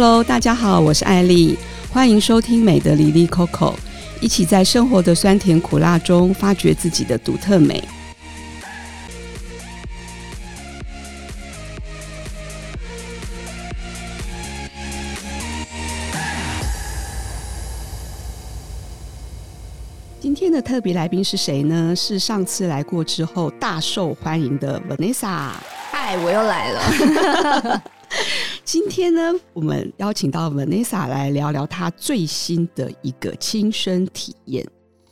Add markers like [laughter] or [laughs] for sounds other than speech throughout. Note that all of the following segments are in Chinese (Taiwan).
Hello，大家好，我是艾莉，歡迎收聽美的哩哩扣扣，一起在生活的酸甜苦辣中發掘自己的獨特美。今天的特別來賓是誰呢？是上次來過之後大受歡迎的 Vanessa。嗨，我又來了。 [laughs] 今天呢，我們邀請到 Vanessa 來聊聊她最新的一個親身體驗。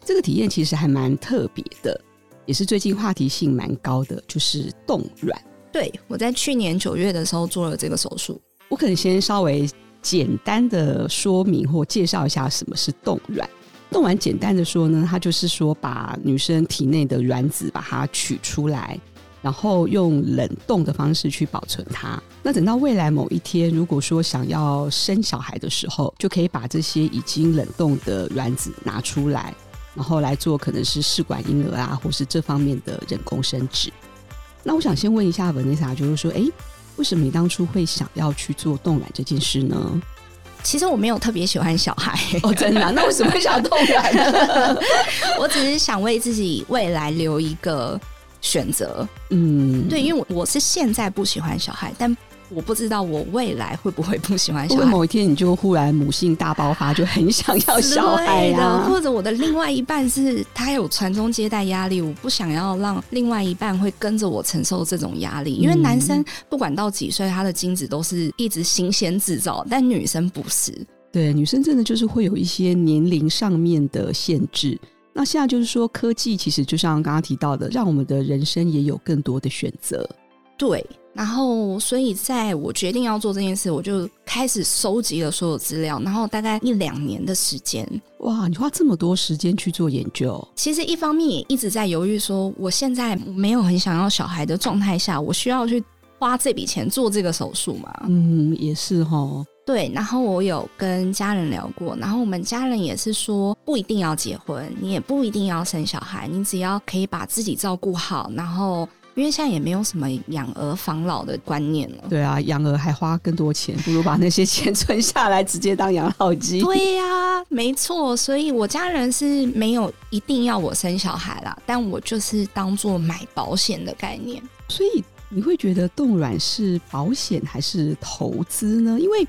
這個體驗其實還蠻特別的，也是最近話題性蠻高的，就是凍卵。對，我在去年九月的時候做了這個手術。我可能先稍微簡單的說明或介紹一下什麼是凍卵。凍卵簡單的說呢，它就是說把女生體內的卵子把它取出來。然後用冷凍的方式去保存它。那等到未來某一天，如果說想要生小孩的時候，就可以把這些已經冷凍的卵子拿出來，然後來做可能是試管嬰兒啊，或是這方面的人工生殖。那我想先問一下 Vanessa，就是說，哎，為什麼你當初會想要去做凍卵這件事呢？其實我沒有特別喜歡小孩哦。真的啊？那為什麼會想凍卵呢？ [laughs] 我只是想為自己未來留一個。選擇，嗯，對，因為我是現在不喜歡小孩，但我不知道我未來會不會不喜歡小孩。因為某一天你就忽然母性大爆發，就很想要小孩啊。的或者我的另外一半是他有傳宗接代壓力，我不想要讓另外一半會跟着我承受這種壓力，嗯。因為男生不管到幾歲，他的精子都是一直新鮮製造，但女生不是。對，女生真的就是會有一些年齡上面的限制。那現在就是說，科技其實就像剛剛提到的，讓我們的人生也有更多的選擇。對，然後所以在我決定要做這件事，我就開始收集了所有資料，然後大概一兩年的時間。哇，你花這麼多時間去做研究。其實一方面也一直在猶豫說，說我現在沒有很想要小孩的狀態下，我需要去花這筆錢做這個手術嗎？嗯，也是哈、哦。對，然後我有跟家人聊過，然後我們家人也是說，不一定要結婚，你也不一定要生小孩，你只要可以把自己照顧好。然後，因為現在也沒有什麼養兒防老的觀念了。對啊，養兒還花更多錢，不如把那些錢存下來，直接當養老金。 [laughs] 對呀，啊，沒錯。所以我家人是沒有一定要我生小孩啦，但我就是當做買保險的概念。所以你會覺得凍卵是保險還是投資呢？因為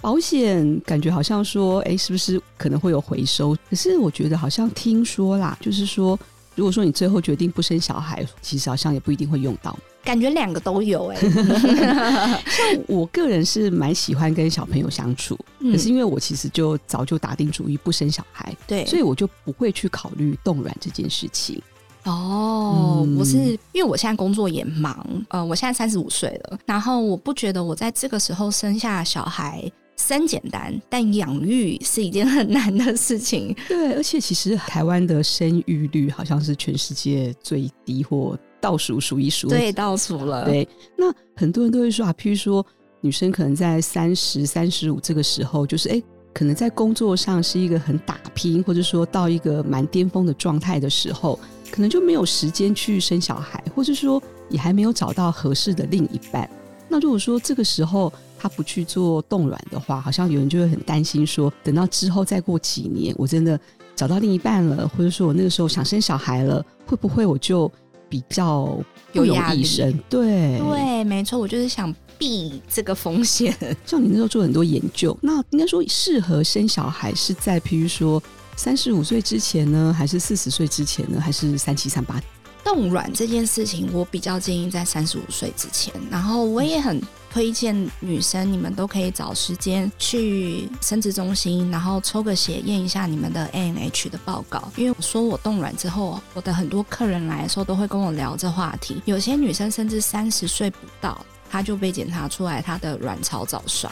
保險感覺好像說，哎、欸，是不是可能會有回收？可是我覺得好像聽說啦，就是說，如果說你最後決定不生小孩，其實好像也不一定會用到。感覺兩個都有哎、欸。 [laughs] [laughs] 我個人是蠻喜歡跟小朋友相處，嗯，可是因為我其實就早就打定主意不生小孩，對，嗯，所以我就不會去考慮凍卵這件事情。哦，我，嗯，是因為我現在工作也忙，呃，我現在三十五歲了，然後我不覺得我在這個時候生下小孩。三簡單，但養育是一件很難的事情。對，而且其實台灣的生育率好像是全世界最低或倒數數一數。對，倒數了。對，那很多人都會說啊，譬如說女生可能在三十三十五這個時候，就是哎，可能在工作上是一個很打拼，或者說到一個蠻巔峰的狀態的時候，可能就沒有時間去生小孩，或者說也還沒有找到合適的另一半。那如果說這個時候，他不去做凍卵的話，好像有人就會很擔心說，等到之後再過幾年，我真的找到另一半了，或者說我那個時候想生小孩了，會不會我就比較有壓力？對對，沒錯，我就是想避這個風險。像你那時候做很多研究，那應該說適合生小孩是在，譬如說三十五歲之前呢，還是四十歲之前呢，還是三七三八？凍卵這件事情，我比較建議在三十五歲之前，然後我也很、嗯。推薦女生，你們都可以找時間去生殖中心，然後抽個血驗一下你們的 AMH 的報告。因為我說我凍卵之後，我的很多客人來的時候都會跟我聊這話題。有些女生甚至三十歲不到，她就被檢查出來她的卵巢早衰。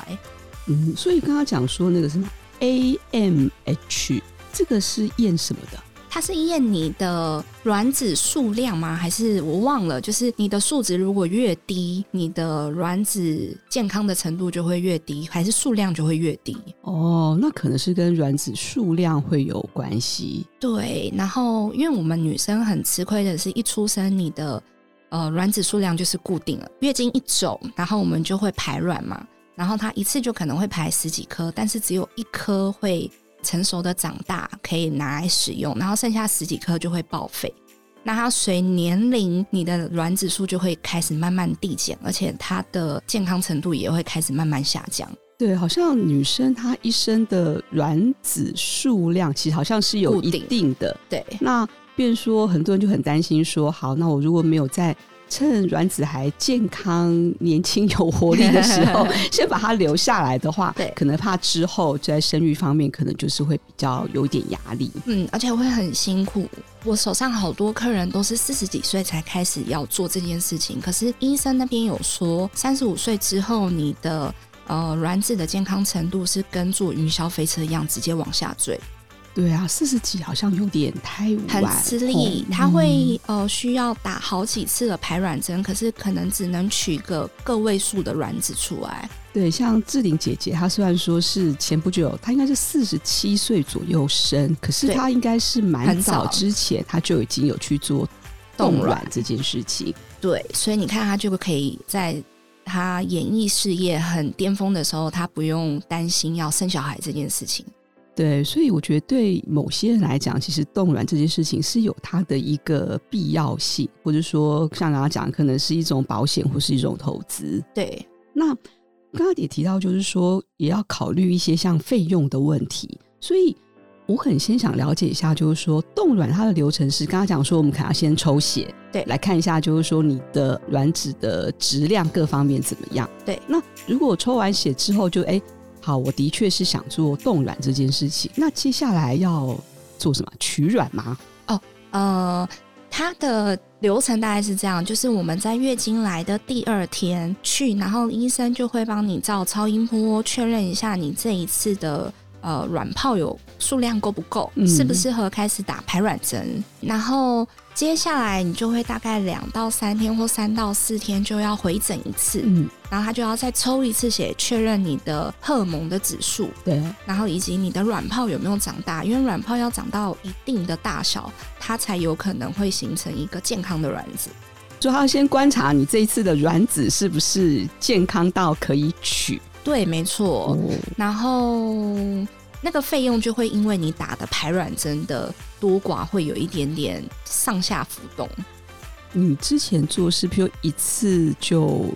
嗯，所以剛剛講說那個什麼 AMH，這個是驗什麼的？它是驗你的卵子數量嗎？還是我忘了？就是你的數值如果越低，你的卵子健康的程度就會越低，還是數量就會越低？哦，那可能是跟卵子數量會有關係。對，然後因為我們女生很吃虧的是一出生你的呃卵子數量就是固定了，月經一走，然後我們就會排卵嘛，然後它一次就可能會排十幾顆，但是只有一顆會。成熟的長大可以拿來使用，然後剩下十幾顆就會報廢。那它隨年齡，你的卵子數就會開始慢慢遞減，而且它的健康程度也會開始慢慢下降。對，好像女生她一生的卵子數量其實好像是有一定的、固定，對，那便說很多人就很擔心說，好，那我如果沒有在。趁卵子還健康、年輕、有活力的時候， [laughs] 先把它留下來的話，對，可能怕之後在生育方面可能就是會比較有點壓力。嗯，而且我會很辛苦。我手上好多客人都是四十幾歲才開始要做這件事情，可是醫生那邊有說，三十五歲之後，你的呃卵子的健康程度是跟坐雲霄飛車一樣，直接往下墜。對啊，四十幾好像有點太晚，很吃力。嗯，他會呃需要打好幾次的排卵針，可是可能只能取一個個位數的卵子出來。對，像志玲姐姐，她雖然說是前不久，她應該是四十七歲左右生，可是她應該是蠻早之前，對，很早，她就已經有去做凍卵這件事情。對，所以你看，她就可以在她演藝事業很巔峰的時候，她不用擔心要生小孩這件事情。對，所以我覺得對某些人來講，其實凍卵這件事情是有它的一個必要性，或者說像剛剛講，可能是一種保險或是一種投資。對，那剛剛也提到，就是說也要考慮一些像費用的問題。所以我很先想了解一下，就是說凍卵它的流程是，剛剛講說我們可能要先抽血，對，來看一下就是說你的卵子的質量各方面怎麼樣。對，那如果抽完血之後就，就哎。好，我的確是想做凍卵這件事情。那接下來要做什麼？取卵嗎？哦，呃，它的流程大概是這樣，就是我們在月經來的第二天去，然後醫生就會幫你照超音波確認一下你這一次的呃，卵泡有。數量夠不夠？適、嗯、不適合開始打排卵針？然後接下來你就會大概兩到三天或三到四天就要回診一次，嗯，然後他就要再抽一次血確認你的荷爾蒙的指數，對，然後以及你的卵泡有沒有長大？因為卵泡要長到一定的大小，它才有可能會形成一個健康的卵子。所以要先觀察你這一次的卵子是不是健康到可以取。對，沒錯、嗯。然後。那個費用就會因為你打的排卵針的多寡，會有一點點上下浮動。你之前做是譬如一次就，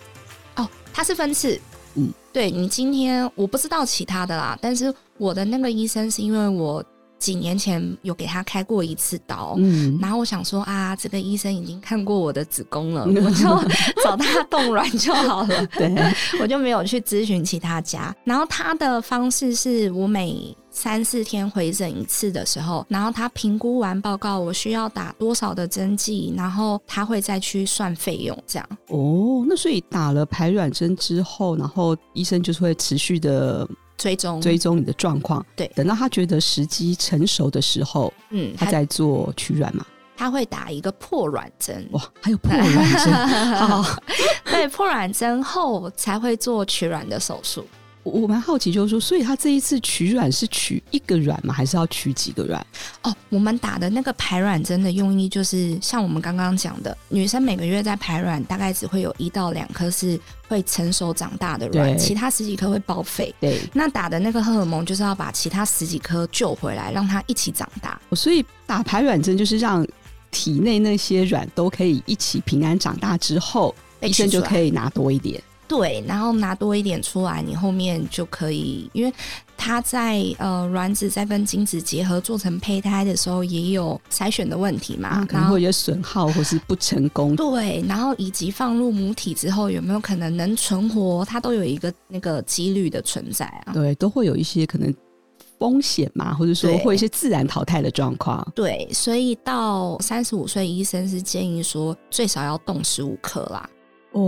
哦，它是分次，嗯，對你今天我不知道其他的啦，但是我的那個醫生是因為我。幾年前有給他開過一次刀，嗯、然後我想說啊，這個醫生已經看過我的子宮了，我就找他凍卵就好了。 [laughs] 對、啊， [laughs] 我就沒有去諮詢其他家。然後他的方式是我每三四天回診一次的時候，然後他評估完報告，我需要打多少的針劑，然後他會再去算費用。這樣哦，那所以打了排卵針之後，然後醫生就是會持續的。追蹤追蹤你的狀況，對，等到他覺得時機成熟的時候，嗯，他，他在做取卵嘛？他會打一個破卵針，哇，還有破卵針，好好 [laughs] 對，破卵針後才會做取卵的手術。我我蠻好奇，就是說，所以他這一次取卵是取一個卵嗎？還是要取幾個卵？哦，我們打的那個排卵針的用意，就是像我們剛剛講的，女生每個月在排卵，大概只會有一到兩顆是會成熟長大的卵，其他十幾顆會報廢。對，那打的那個荷爾蒙就是要把其他十幾顆救回來，讓它一起長大。所以打排卵針就是讓體內那些卵都可以一起平安長大之後，醫生就可以拿多一點。對，然後拿多一點出來，你後面就可以，因為它在呃卵子在跟精子結合做成胚胎的時候，也有篩選的問題嘛，可、嗯、能、嗯、會有損耗或是不成功。對，然後以及放入母體之後，有沒有可能能存活，它都有一個那個幾率的存在啊？對，都會有一些可能風險嘛，或者說會一些自然淘汰的狀況。對，所以到三十五歲，醫生是建議說最少要凍十五顆啦。哦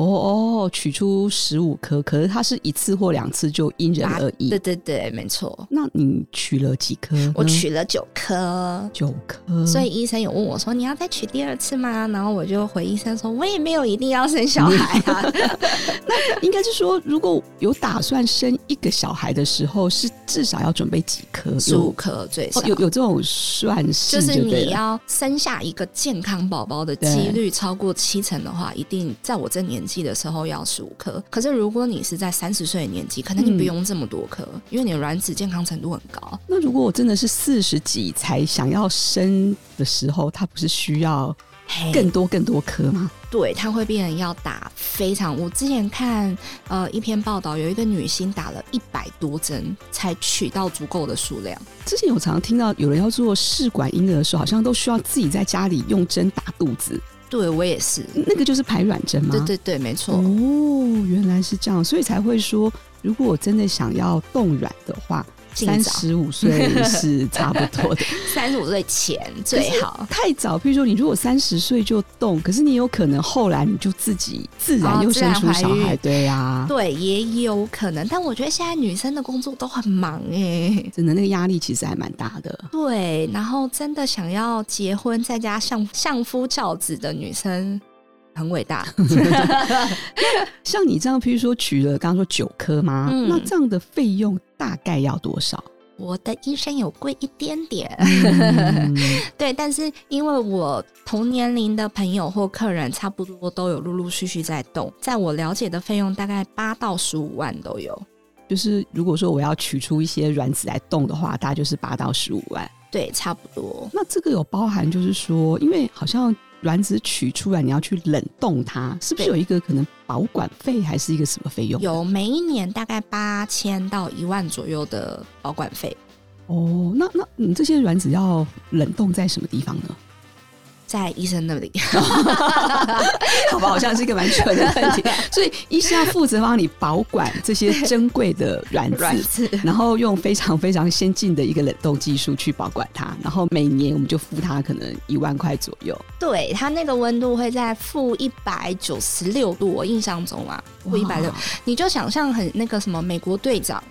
哦，取出十五顆，可是它是一次或兩次，就因人而異、啊。對對對，沒錯。那你取了幾顆？我取了九顆，九顆。所以醫生有問我說：“你要再取第二次嗎？”然後我就回醫生說：“我也沒有一定要生小孩啊。小孩” [laughs] [laughs] 那應該是說，如果有打算生一個小孩的時候，是至少要準備幾顆？十五顆最少。哦、有有這種算式就，就是你要生下一個健康寶寶的幾率超過七成的話，一定在我這裡。年紀的時候要十五顆，可是如果你是在三十歲的年紀，可能你不用這麼多顆，嗯，因為你的卵子健康程度很高。那如果我真的是四十幾才想要生的時候，它不是需要更多更多顆嗎？對，它會變成要打非常。我之前看呃一篇報道有一個女星打了一百多針才取到足夠的數量。之前我常常聽到有人要做試管嬰兒的時候，好像都需要自己在家裡用針打肚子。對，我也是。那個就是排卵針嘛。對對對，沒錯。哦，原來是這樣，所以才會說，如果我真的想要凍卵的話。三十五歲是差不多的， [laughs] 三十五歲前最好。太早，譬如說你如果三十歲就動，可是你有可能後來你就自己自然又生出小孩，對呀、啊哦，對也有可能。但我覺得現在女生的工作都很忙誒，真的那個壓力其實還蠻大的。對，然後真的想要結婚在家相相夫教子的女生。很偉大， [laughs] 像你這樣，譬如說取了剛剛說，剛剛說九顆嗎？那這樣的費用大概要多少？我的醫生有貴一點點， [laughs] 對，但是因為我同年齡的朋友或客人差不多都有陸陸續續在動，在我了解的費用大概八到十五萬都有。就是如果說我要取出一些卵子來動的話，大概就是八到十五萬，對，差不多。那這個有包含，就是說，因為好像。卵子取出來，你要去冷凍它，是不是有一個可能保管費，還是一個什麼費用？有，每一年大概八千到一萬左右的保管費。哦，那那你這些卵子要冷凍在什麼地方呢？在醫生那裡， [laughs] [laughs] 好吧，好像是一個蠻蠢的問題。所以醫生要負責幫你保管這些珍貴的卵子，卵子 [laughs] 然後用非常非常先進的一個冷凍技術去保管它。然後每年我們就付它可能一萬塊左右。對它那個溫度會在負一百九十六度，我印象中啊，負一百六，你就想象很那個什麼美國隊長。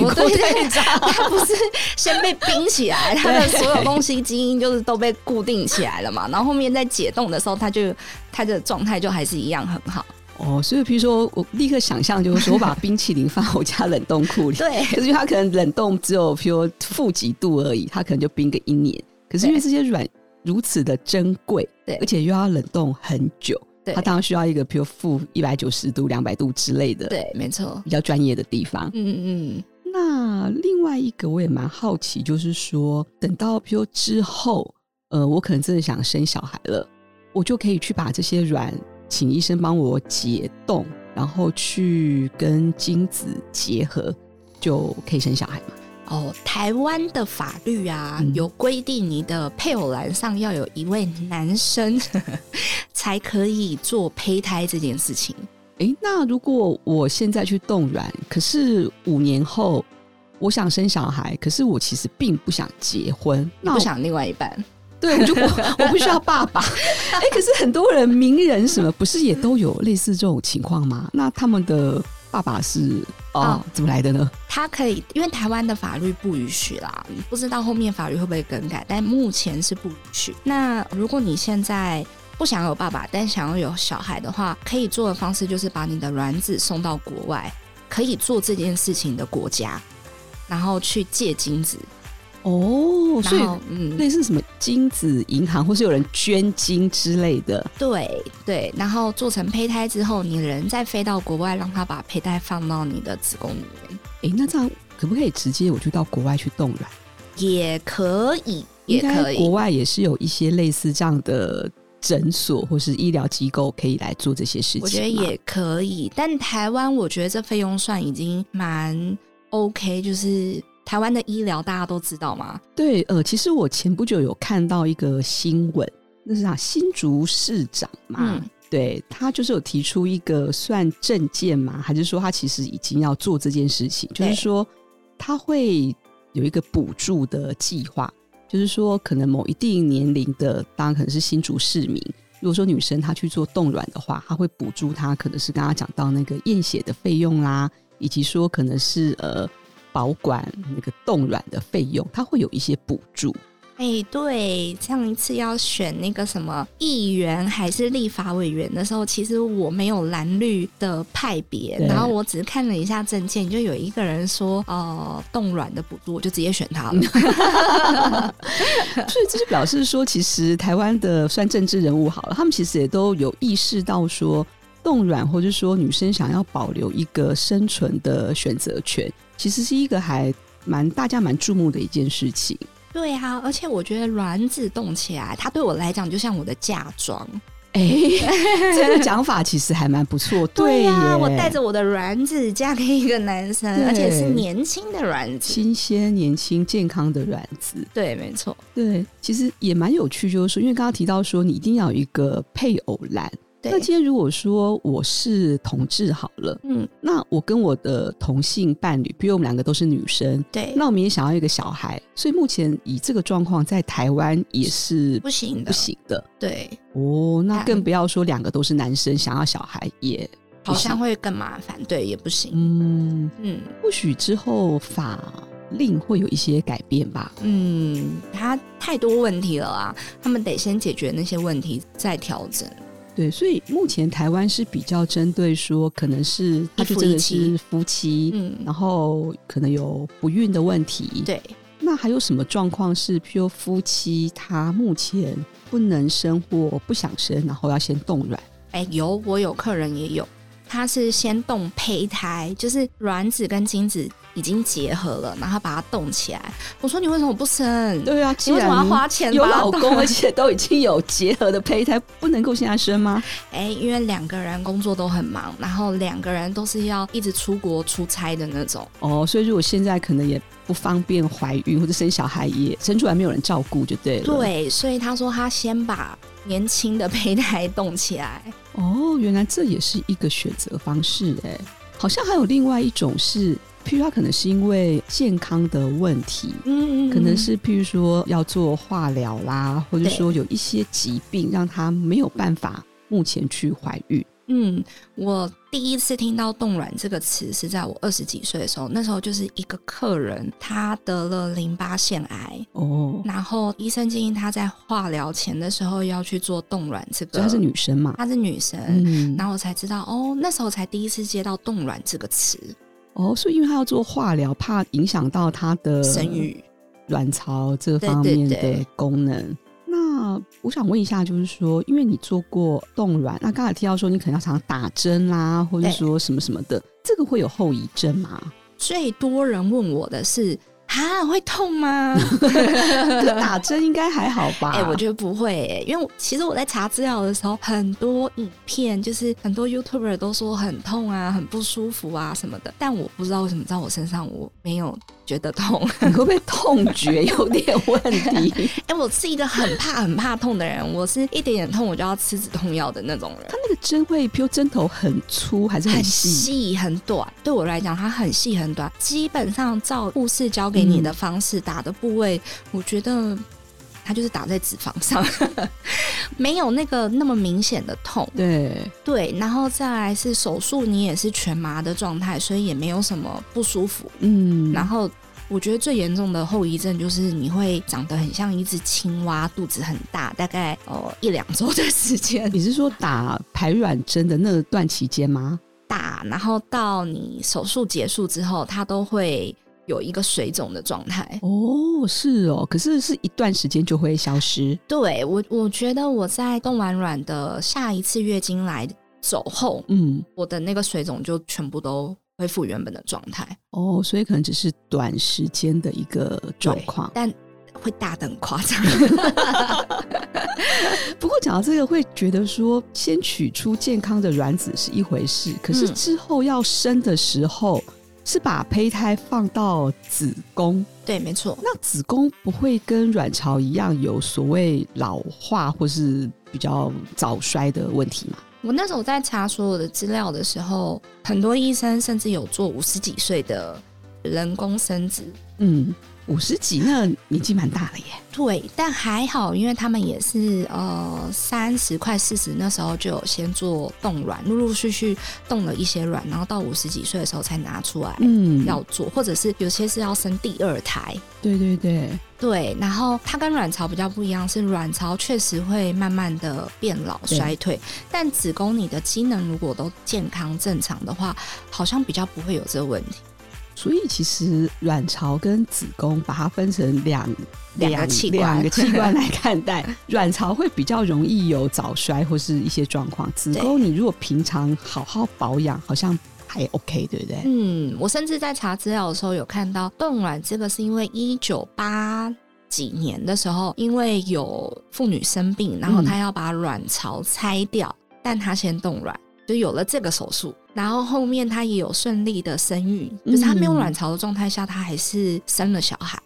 我都在找，他不是先被冰起來，他的所有東西基因就是都被固定起來了嘛。然後後面在解凍的時候，他就他的狀態就還是一樣很好。哦，所以譬如說我立刻想象就是說我把冰淇淋放我家冷凍庫裡， [laughs] 對，可是它可能冷凍只有比如說負幾度而已，它可能就冰個一年。可是因為這些卵如此的珍貴，對，而且又要冷凍很久，對，它當然需要一個比如說負一百九十度、兩百度之類的，對，沒錯，比較專業的地方，嗯嗯。另外一個我也蠻好奇，就是說等到比如之後，呃，我可能真的想生小孩了，我就可以去把這些卵請醫生幫我解凍，然後去跟精子結合，就可以生小孩嘛？哦，台灣的法律啊，嗯，有規定你的配偶欄上要有一位男生， [laughs] 才可以做胚胎這件事情。哎，那如果我現在去凍卵，可是五年後。我想生小孩，可是我其實並不想結婚，你不想另外一半。我對，如果我不需要爸爸。哎、 [laughs] 欸，可是很多人名人什麼不是也都有類似這種情況嗎？那他們的爸爸是啊、哦哦、怎麼來的呢？他可以，因為台灣的法律不允許啦。不知道後面法律會不會更改，但目前是不允許。那如果你現在不想有爸爸，但想要有小孩的話，可以做的方式就是把你的卵子送到國外，可以做這件事情的國家。然後去借精子哦、oh，所以類似什麼精子銀行，或是有人捐精之類的？嗯、對對，然後做成胚胎之後，你人再飛到國外，讓他把胚胎放到你的子宮裡面。誒、欸，那這樣可不可以直接我就到國外去凍卵？也可以，也可以。國外也是有一些類似這樣的診所或是醫療機構可以來做這些事情，我覺得也可以。但台灣，我覺得這費用算已經蠻。OK，就是台灣的醫療大家都知道嗎？對，呃，其實我前不久有看到一個新聞，那是啥、啊？新竹市長嘛，嗯、對他就是有提出一個算政見嘛，還是說他其實已經要做這件事情？就是說他會有一個補助的計劃，就是說可能某一定年齡的，當然可能是新竹市民，如果說女生她去做凍卵的話，他會補助她，可能是剛剛講到那個驗血的費用啦。以及說可能是呃保管那個凍卵的費用，它會有一些補助。哎、欸，對，上一次要選那個什麼議員還是立法委員的時候，其實我沒有藍綠的派別，然後我只是看了一下政見，就有一個人說哦凍卵的補助，我就直接選他了。所以這就表示說，其實台灣的算政治人物好了，他們其實也都有意識到說。凍卵，或者說女生想要保留一個生存的選擇權，其實是一個還蠻大家蠻注目的一件事情。對啊，而且我覺得卵子凍起來，它對我來講就像我的嫁妝。哎、欸，這個講法其實還蠻不錯。 [laughs] 對啊對，我帶着我的卵子嫁給一個男生，而且是年輕的卵子，新鮮、年輕、健康的卵子。對，沒錯。對，其實也蠻有趣，就是說，因為剛剛提到說，你一定要有一個配偶卵。那今天如果說我是同志好了，嗯，那我跟我的同性伴侶，比如我們兩個都是女生，對，那我們也想要一個小孩，所以目前以這個狀況在台灣也是不行的不行的。對，哦，那更不要說兩個都是男生想要小孩也好像會更麻煩，對，也不行。嗯嗯，或許之後法令會有一些改變吧。嗯，他太多問題了啊，他們得先解決那些問題再調整。對，所以目前台灣是比較針對說，可能是他就真的是夫妻一一，然後可能有不孕的問題。嗯、對，那還有什麼狀況是，譬如夫妻他目前不能生或不想生，然後要先凍卵？哎、欸，有，我有客人也有。他是先凍胚胎，就是卵子跟精子已經結合了，然後他把它凍起來。我說你為什麼不生？對啊，你為什麼要花錢？有老公，而且都已經有結合的胚胎，不能夠現在生嗎？哎、欸，因為兩個人工作都很忙，然後兩個人都是要一直出國出差的那種。哦，所以如果現在可能也不方便懷孕或者生小孩也，也生出來沒有人照顧就對了。對，所以他說他先把。年輕的胚胎動起來，哦，原來這也是一個選擇方式誒。好像還有另外一種是，譬如他可能是因為健康的問題，嗯，可能是譬如說要做化療啦，或者說有一些疾病讓他沒有辦法目前去懷孕，嗯，我。第一次聽到凍卵這個詞是在我二十幾歲的時候，那時候就是一個客人，她得了淋巴腺癌哦，然後醫生建議她在化療前的時候要去做凍卵、這個，這不是？她是女生嘛？她是女生、嗯，然後我才知道哦，那時候才第一次接到凍卵這個詞哦，所以因為她要做化療，怕影響到她的生育、卵巢這方面的功能。我想問一下，就是說，因為你做過凍卵，那剛才提到說你可能要常打針啦、啊，或者說什麼什麼的，這個會有後遺症嗎？最多人問我的是，哈，會痛嗎？ [laughs] 打針應該還好吧？哎、 [laughs] 欸，我覺得不會、欸，因為我其實我在查資料的時候，很多影片就是很多 YouTuber 都說很痛啊，很不舒服啊什麼的，但我不知道為什麼在我身上我沒有。覺得痛，你會不會痛覺有點問題？哎、 [laughs] 欸，我是一個很怕、很怕痛的人，我是一點點痛我就要吃止痛藥的那種人。他那個針會，比如說針頭很粗還是很細、很短？對我來講，它很細很短。基本上，照護士教給你的方式、嗯、打的部位，我覺得。它就是打在脂肪上， [laughs] [laughs] 沒有那個那麼明顯的痛。對對，然後再來是手術，你也是全麻的狀態，所以也沒有什麼不舒服。嗯，然後我覺得最嚴重的後遺症就是你會長得很像一只青蛙，肚子很大，大概哦、呃、一兩周的時間。你是說打排卵針的那個段期間嗎？打，然後到你手術結束之後，它都會。有一個水腫的狀態哦，是哦，可是是一段時間就會消失。對我，我覺得我在凍完卵的下一次月經來走後，嗯，我的那個水腫就全部都恢復原本的狀態。哦，所以可能只是短時間的一個狀況，但會大得很誇張。 [laughs] [laughs] 不過講到這個，會覺得說先取出健康的卵子是一回事，可是之後要生的時候。嗯是把胚胎放到子宮，對，沒錯。那子宮不會跟卵巢一樣有所謂老化或是比較早衰的問題嗎？我那時候在查所有的資料的時候，很多醫生甚至有做五十幾歲的人工生殖。嗯。五十幾，那年紀蠻大了耶。對，但還好，因為他們也是呃三十、快四十那時候就有先做凍卵，陸陸續續凍了一些卵，然後到五十幾歲的時候才拿出來，嗯，要做，或者是有些是要生第二胎。對，對對對，對。然後它跟卵巢比較不一樣，是卵巢確實會慢慢的變老衰退，但子宮你的機能如果都健康正常的話，好像比較不會有這個問題。所以其實卵巢跟子宮把它分成兩,兩個器官，兩個器官來看待， [laughs] 卵巢會比較容易有早衰或是一些狀況。子宮你如果平常好好保養，好像還 OK，對不對？嗯，我甚至在查資料的時候有看到凍卵，動這個是因為一九八幾年的時候，因為有婦女生病，然後她要把卵巢拆掉，嗯，但她先凍卵。就有了這個手術，然後後面她也有順利的生育，嗯、就是她沒有卵巢的狀態下，她還是生了小孩。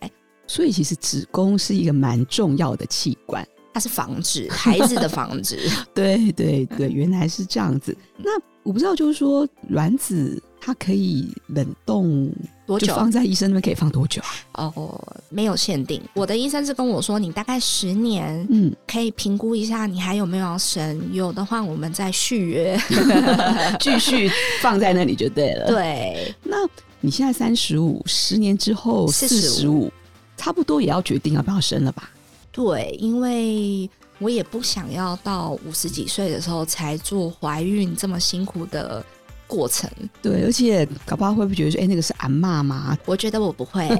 所以其實子宮是一個蠻重要的器官，它是房子，孩子的房子。 [laughs] 對對對，原來是這樣子。 [laughs] 那我不知道，就是說卵子它可以冷凍。多久，放在醫生那邊可以放多久啊？哦，沒有限定。我的醫生是跟我說，你大概十年，嗯，可以評估一下你還有沒有要生，嗯，有的話我們再續約，繼續 [laughs] 放在那裡就對了。對，那你現在三十五，十年之後四十五，差不多也要決定要不要生了吧？對，因為我也不想要到五十幾歲的時候才做懷孕這麼辛苦的過程。對，而且搞不好會不會覺得說，哎、欸，那個是阿嬤嗎？我覺得我不會， [laughs] 因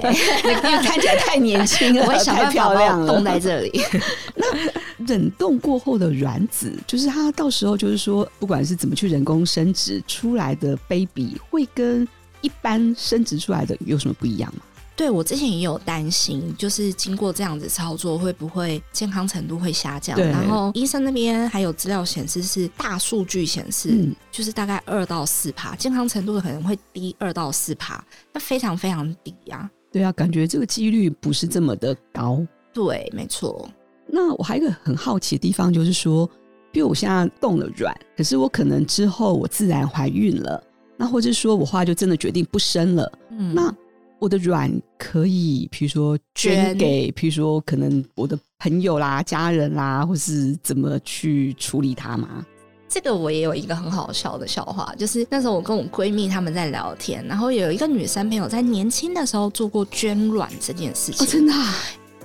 為看起來太年輕了，要 [laughs] 漂亮了，凍在這裡。那冷凍過後的卵子，就是它到時候就是說，不管是怎麼去人工生殖出來的 baby，會跟一般生殖出來的有什麼不一樣嗎？對，我之前也有擔心，就是經過這樣子操作，會不會健康程度會下降，對？然後醫生那邊還有資料顯示是大數據顯示，就是大概二到四趴，嗯、健康程度可能會低二到四趴，那非常非常低呀，啊。對啊，感覺這個幾率不是這麼的高，嗯。對，沒錯。那我還有一個很好奇的地方，就是說，比如我現在凍卵，可是我可能之後我自然懷孕了，那或者說我後來就真的決定不生了，嗯、那。我的卵可以，譬如說捐，捐，捐給，譬如說可能我的朋友啦、家人啦，或是怎麼去處理它嗎？這個我也有一個很好笑的笑話，就是那時候我跟我閨蜜他們在聊天，然後有一個女生朋友在年輕的時候做過捐卵這件事情。哦，真的啊？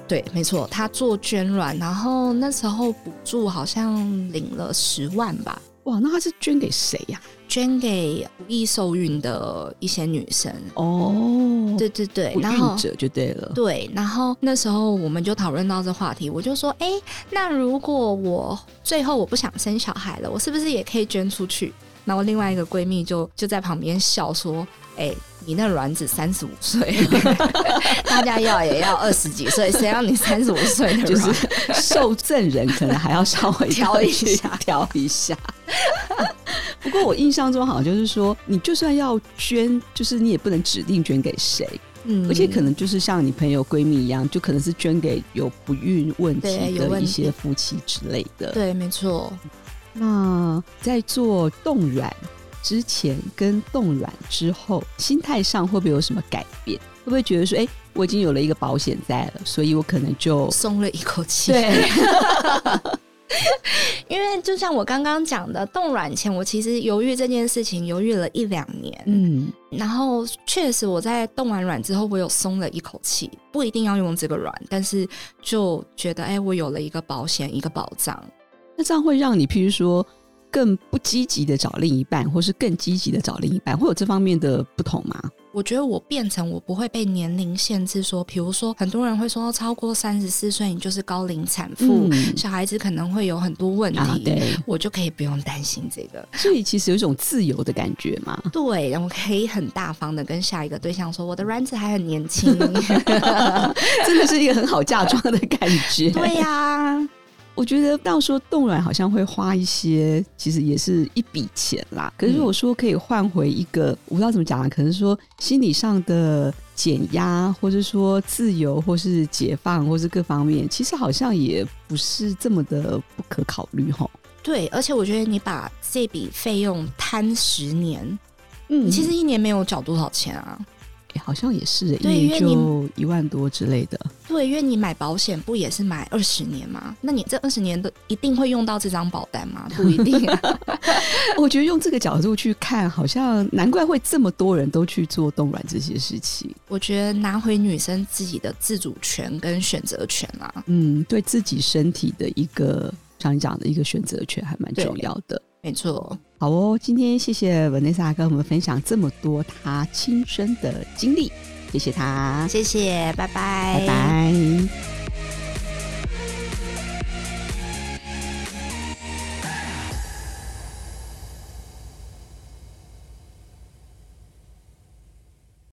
對，沒錯，她做捐卵，然後那時候補助好像領了十萬吧。哇，那她是捐給誰呀、啊？捐給無意受孕的一些女生哦、嗯，對對對，不孕者就對了。對，然後那時候我們就討論到這話題，我就說：“哎，那如果我最後我不想生小孩了，我是不是也可以捐出去？”然後另外一個閨蜜就就在旁邊笑說：“哎，你那卵子三十五歲， [laughs] [laughs] 大家要也要二十幾歲，誰讓你三十五歲呢？就是受贈人可能還要稍微挑一下，挑一下。 [laughs] ”不過我印象中好像就是說，你就算要捐，就是你也不能指定捐給誰，嗯，而且可能就是像你朋友閨蜜一樣，就可能是捐給有不孕問題的一些夫妻之類的。對，對沒錯。那在做凍卵之前跟凍卵之後，心態上會不會有什麼改變？會不會覺得說，哎，我已經有了一個保險在了，所以我可能就鬆了一口氣。對。 [laughs] [laughs] 因為就像我剛剛講的，凍卵前我其實猶豫這件事情，猶豫了一兩年。嗯，然後確實我在凍完卵之後，我有鬆了一口氣，不一定要用這個卵，但是就覺得哎，我有了一個保險，一個保障。那這樣會讓你，譬如說，更不積極的找另一半，或是更積極的找另一半，會有這方面的不同嗎？我覺得我變成我不會被年齡限制說，比如說很多人會說到超過三十四歲你就是高齡產婦，嗯，小孩子可能會有很多問題，啊對，我就可以不用擔心這個，所以其實有一種自由的感覺嘛。對，然後可以很大方的跟下一個對象說我的卵子還很年輕， [laughs] [laughs] 真的是一個很好嫁妝的感覺。 [laughs] 對呀，啊。我覺得，到時候凍卵好像會花一些，其實也是一筆錢啦。可是，如果說可以換回一個、嗯，我不知道怎麼講了，可能說心理上的減壓，或者說自由，或是解放，或是各方面，其實好像也不是這麼的不可考慮齁。對，而且我覺得你把這筆費用攤十年，嗯，其實一年沒有繳多少錢啊，欸、好像也是一年就一萬多之類的。因為你買保險不也是買二十年嗎？那你這二十年的一定會用到這張保單嗎？不一定啊。 [laughs] 我覺得用這個角度去看，好像難怪會這麼多人都去做凍卵這些事情。我覺得拿回女生自己的自主權跟選擇權啊，嗯，對自己身體的一個像你講的一個選擇權還蠻重要的。沒錯。好哦，今天謝謝凡妮莎跟我們分享這麼多她親身的經歷。謝謝他，謝謝，拜拜，拜拜。